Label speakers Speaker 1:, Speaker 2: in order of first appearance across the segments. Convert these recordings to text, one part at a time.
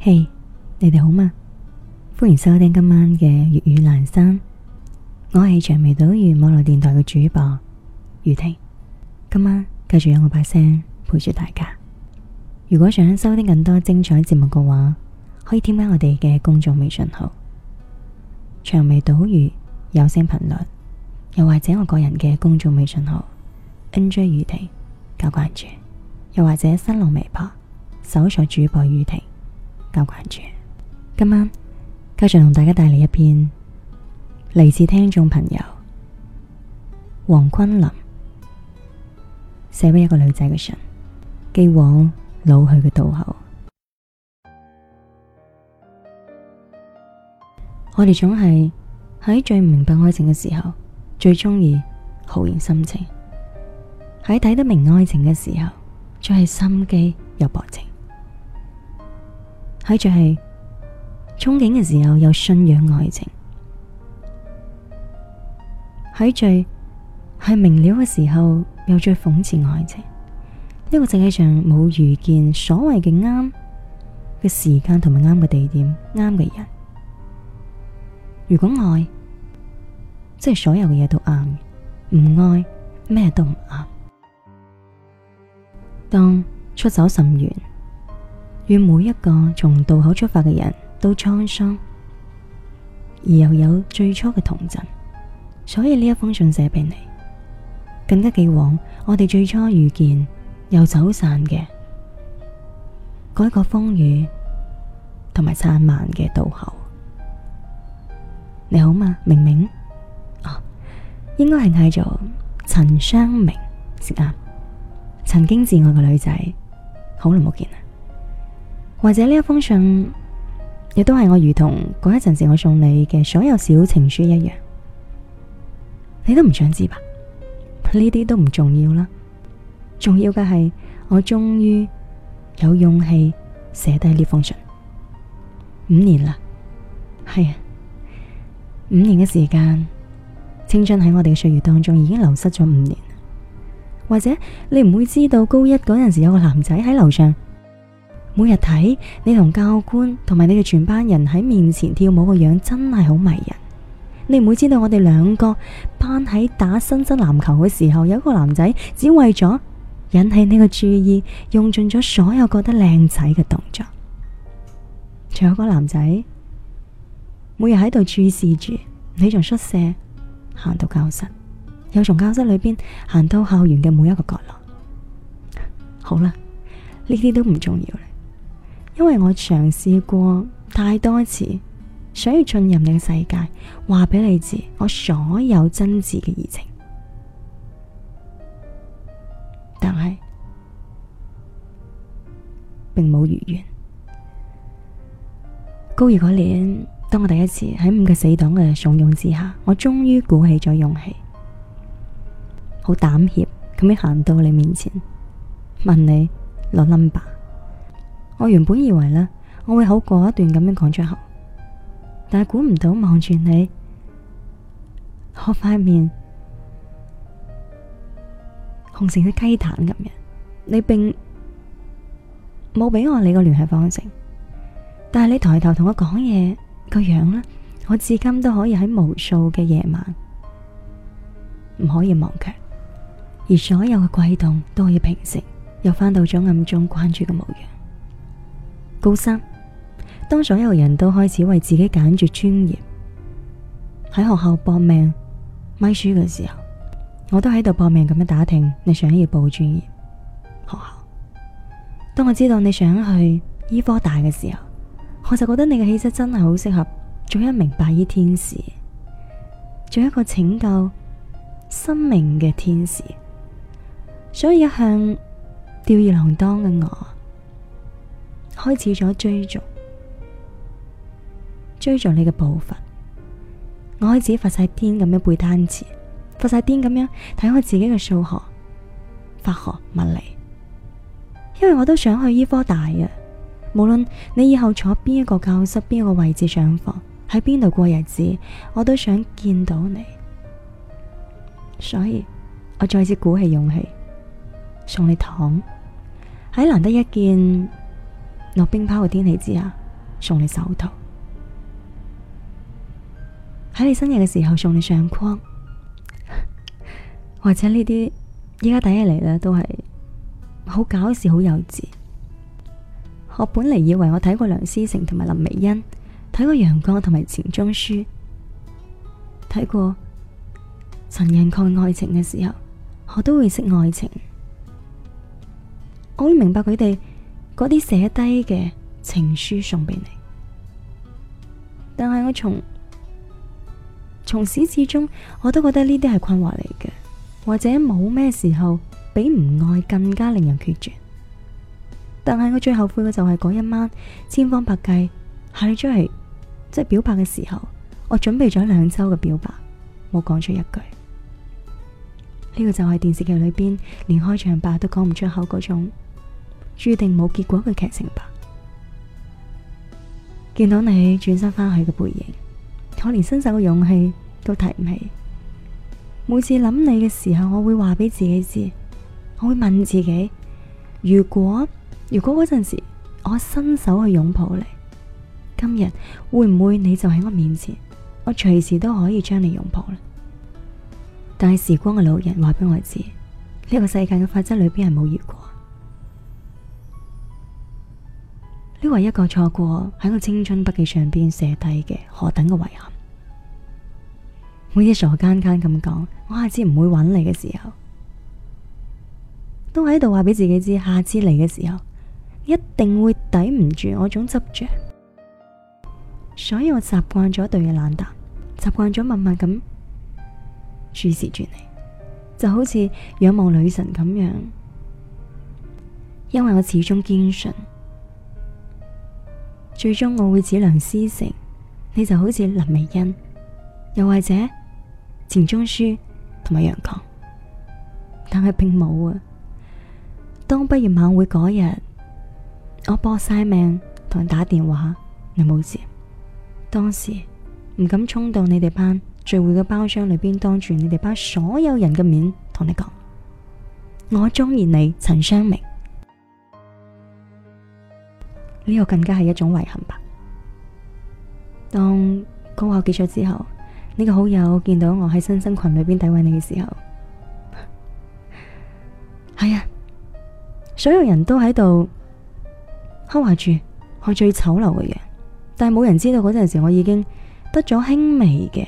Speaker 1: 嘿，hey，你哋好嗎？歡迎收聽今晚嘅粵語闌山，我係長尾島語網絡電台嘅主播雨婷。今晚繼續有我把聲陪住大家。如果想收聽更多精彩節目嘅話，可以添加我哋嘅公眾微信號長尾島語有聲頻率，又或者我個人嘅公眾微信號 n j 雨婷加關注，又或者新浪微博搜索主播雨婷。收關注，今晚繼續同大家帶嚟一篇嚟自聽眾朋友黃坤林寫俾一個女仔嘅信，寄往老去嘅渡口。我哋總係喺最唔明白愛情嘅時候，最中意豪言深情；喺睇得明愛情嘅時候，最係心機又薄情。喺最係憧憬嘅時候，又信仰愛情；喺最係明了嘅時候，又最諷刺愛情。呢個世界上冇遇見所謂嘅啱嘅時間同埋啱嘅地點，啱嘅人。如果愛，即係所有嘅嘢都啱；唔愛，咩都唔啱。當出走甚遠。願每一個從渡口出發嘅人都滄桑，而又有最初嘅童真。所以呢一封信寫俾你，更加寄往我哋最初遇見又走散嘅嗰一個風雨同埋燦爛嘅渡口。你好嘛，明明哦，應該係嗌做陳湘銘先啱，曾經摯愛嘅女仔，好耐冇見啦。或者呢一封信亦都係我如同嗰一陣時我送你嘅所有小情書一樣，你都唔想知吧？呢啲都唔重要啦，重要嘅係我終於有勇氣寫低呢封信。五年啦，係啊，五年嘅時間，青春喺我哋嘅歲月當中已經流失咗五年。或者你唔會知道高一嗰陣時有個男仔喺樓上。每日睇你同教官同埋你哋全班人喺面前跳舞個樣真係好迷人。你唔會知道我哋兩個班喺打新生籃球嘅時候，有一個男仔只為咗引起你嘅注意，用盡咗所有覺得靚仔嘅動作。仲有個男仔每日喺度注視住你，從宿舍行到教室，又從教室裏邊行到校園嘅每一個角落。好啦，呢啲都唔重要啦。因為我嘗試過太多次，想要進入你嘅世界，話俾你知我所有真摯嘅熱情，但係並冇如願。高二嗰年，當我第一次喺五個死黨嘅慫恿之下，我終於鼓起咗勇氣，好膽怯咁樣行到你面前，問你攞 number 我原本以為呢，我會好果斷咁樣講出口，但係估唔到望住你，我塊面紅成隻雞蛋咁樣。你並冇俾我你個聯繫方式，但係你抬頭同我講嘢個樣呢，我至今都可以喺無數嘅夜晚唔可以忘卻。而所有嘅悸動都可以平息，又翻到咗暗中關注嘅模樣。高三，當所有人都開始為自己揀住專業，喺學校搏命咪書嘅時候，我都喺度搏命咁樣打聽你想要報專業學校。當我知道你想去醫科大嘅時候，我就覺得你嘅氣質真係好適合做一名白衣天使，做一個拯救生命嘅天使。所以一向吊兒郎當嘅我。開始咗追逐，追逐你嘅步伐。我開始發晒癲咁樣背單詞，發晒癲咁樣睇我自己嘅數學、化學、物理，因為我都想去醫科大啊！無論你以後坐邊一個教室、邊一個位置上課，喺邊度過日子，我都想見到你。所以我再次鼓起勇氣送你糖，喺難得一見。落冰雹嘅天氣之下，送你手套；喺你生日嘅時候，送你相框； 或者呢啲依家睇起嚟咧，都係好搞笑、好幼稚。我本嚟以為我睇過梁思成同埋林徽因，睇過楊絳同埋錢鍾書，睇過陳寅恪愛情嘅時候，我都會識愛情，我會明白佢哋。嗰啲寫低嘅情書送俾你，但係我從從始至終我都覺得呢啲係困惑嚟嘅，或者冇咩時候比唔愛更加令人決絕。但係我最後悔嘅就係嗰一晚，千方百計，叫你出嚟即係表白嘅時候，我準備咗兩周嘅表白，冇講出一句。呢、呢個就係電視劇裏邊連開場白都講唔出口嗰種。注定冇結果嘅劇情吧。見到你轉身翻去嘅背影，我連伸手嘅勇氣都提唔起。每次諗你嘅時候，我會話俾自己知，我會問自己：如果如果嗰陣時我伸手去擁抱你，今日會唔會你就喺我面前？我隨時都可以將你擁抱呢。但係時光嘅老人話俾我知，呢個世界嘅法則裏邊係冇如果。呢個唯一個錯過喺我青春筆記上邊寫低嘅何等嘅遺憾！每一傻更更咁講，我下次唔會揾你嘅時候，都喺度話俾自己知，下次嚟嘅時候一定會抵唔住我種執着，所以我習慣咗對你冷淡，習慣咗默默咁注視住你，就好似仰望女神咁樣，因為我始終堅信。最終我會指梁思成，你就好似林徽因，又或者錢鍾書同埋楊絳，但係並冇啊。當畢業晚會嗰日，我搏晒命同你打電話，你冇接。當時唔敢衝到你哋班聚會嘅包廂裏邊，當住你哋班所有人嘅面同你講，我中意你陳湘銘。呢個更加係一種遺憾吧。當高考結束之後，你、這個好友見到我喺新生群裏邊詆毀你嘅時候，係 啊，所有人都喺度刻畫住我最醜陋嘅樣，但係冇人知道嗰陣時我已經得咗輕微嘅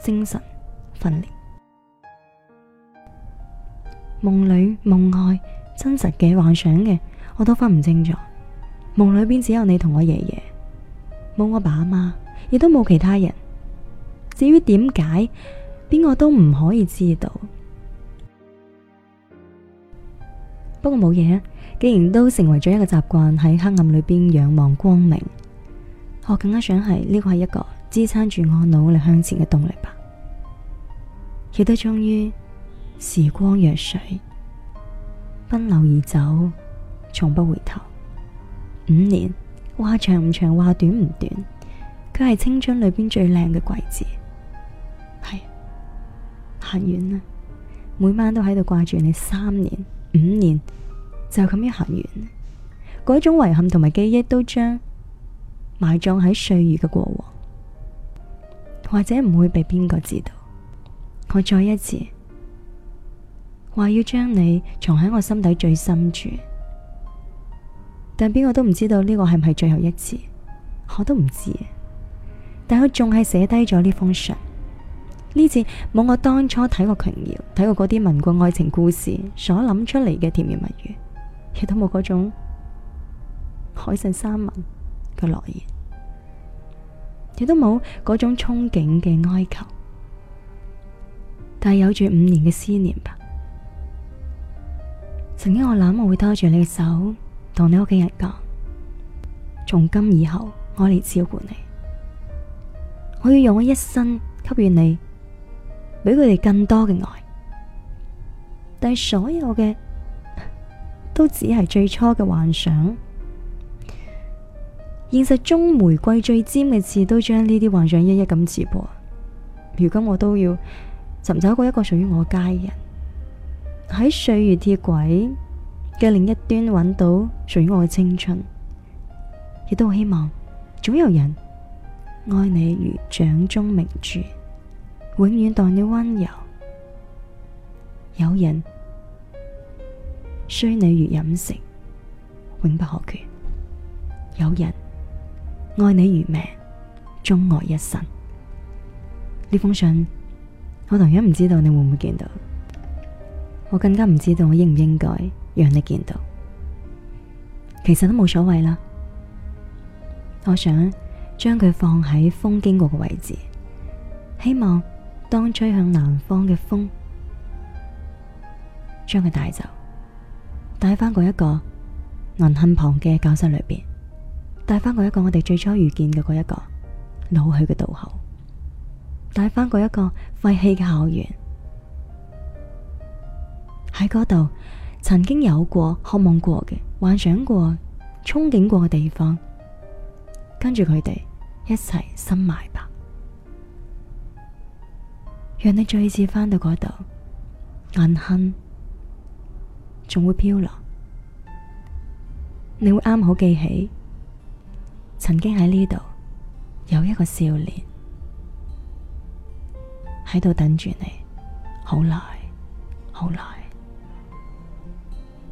Speaker 1: 精神分裂，夢裏夢外，真實嘅幻想嘅，我都分唔清楚。夢裏邊只有你同我爺爺，冇我爸阿媽，亦都冇其他人。至於點解，邊個都唔可以知道。不過冇嘢啊，既然都成為咗一個習慣，喺黑暗裏邊仰望光明，我更加想係呢個係一個支撐住我努力向前嘅動力吧。亦都終於，時光若水，奔流而走，從不回頭。五年，話長唔長，話短唔短，佢係青春裏邊最靚嘅季節，係、哎、行遠啦。每晚都喺度掛住你三年、五年，就咁樣行遠，嗰種遺憾同埋記憶都將埋葬喺歲月嘅過往，或者唔會被邊個知道。我再一次話要將你藏喺我心底最深處。但邊個都唔知道呢個係唔係最後一次，我都唔知。但佢仲係寫低咗呢封信，呢次冇我當初睇過瓊瑤睇過嗰啲民國愛情故事所諗出嚟嘅甜言蜜語，亦都冇嗰種海誓山盟嘅諾言，亦都冇嗰種憧憬嘅哀求。但係有住五年嘅思念吧。曾經我諗我會拖住你嘅手。同你屋企人講，從今以後我嚟照顧你，我要用我一生給予你，俾佢哋更多嘅愛。但係所有嘅都只係最初嘅幻想，現實中玫瑰最尖嘅刺都將呢啲幻想一一咁刺破。如今我都要尋找過一個屬於我嘅佳人，喺歲月鐵軌，嘅另一端揾到屬於我嘅青春，亦都好希望總有人愛你如掌中明珠，永遠待你溫柔；有人需你如飲食，永不可缺；有人愛你如命，鍾愛一生。呢封信我同樣唔知道你會唔會見到，我更加唔知道我應唔應該。讓你見到，其實都冇所謂啦。我想將佢放喺風經過嘅位置，希望當吹向南方嘅風將佢帶走，帶翻嗰一個銀杏旁嘅教室裏邊，帶翻嗰一個我哋最初遇見嘅一個老去嘅渡口，帶翻嗰一個廢棄嘅校園喺嗰度。曾經有過、渴望過嘅、幻想過、憧憬過嘅地方，跟住佢哋一齊深埋吧。讓你再次返到嗰度，銀杏仲會飄落，你會啱好好記起，曾經喺呢度有一個少年喺度等住你，好耐，好耐。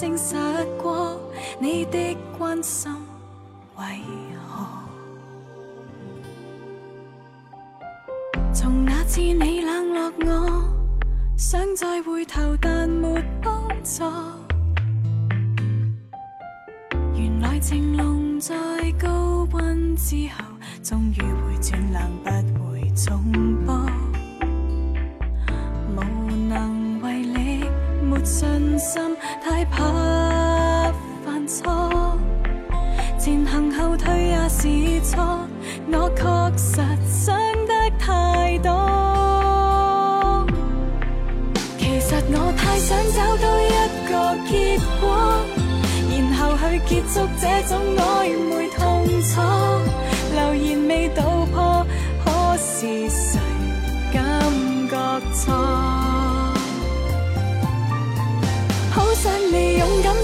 Speaker 2: 證實過你的關心為何？從那次你冷落我，想再回頭但沒幫助。原來情濃在高溫之後，終於會轉冷，不會重播。信心太怕犯錯，前行後退也是錯，我確實想得太多。其實我太想找到一個結果，然後去結束這種曖昧痛楚。留言未道破，可是誰感覺錯？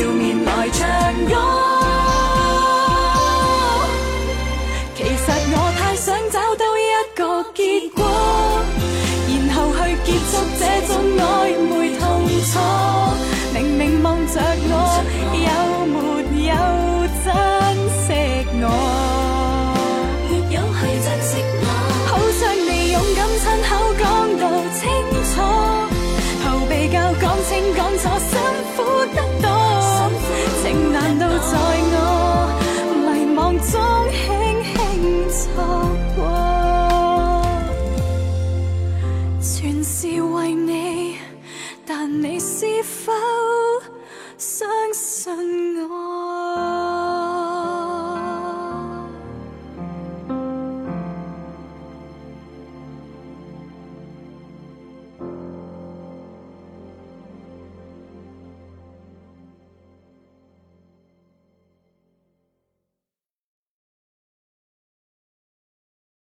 Speaker 2: 笑面來唱歌，其實我太想找到一個結果。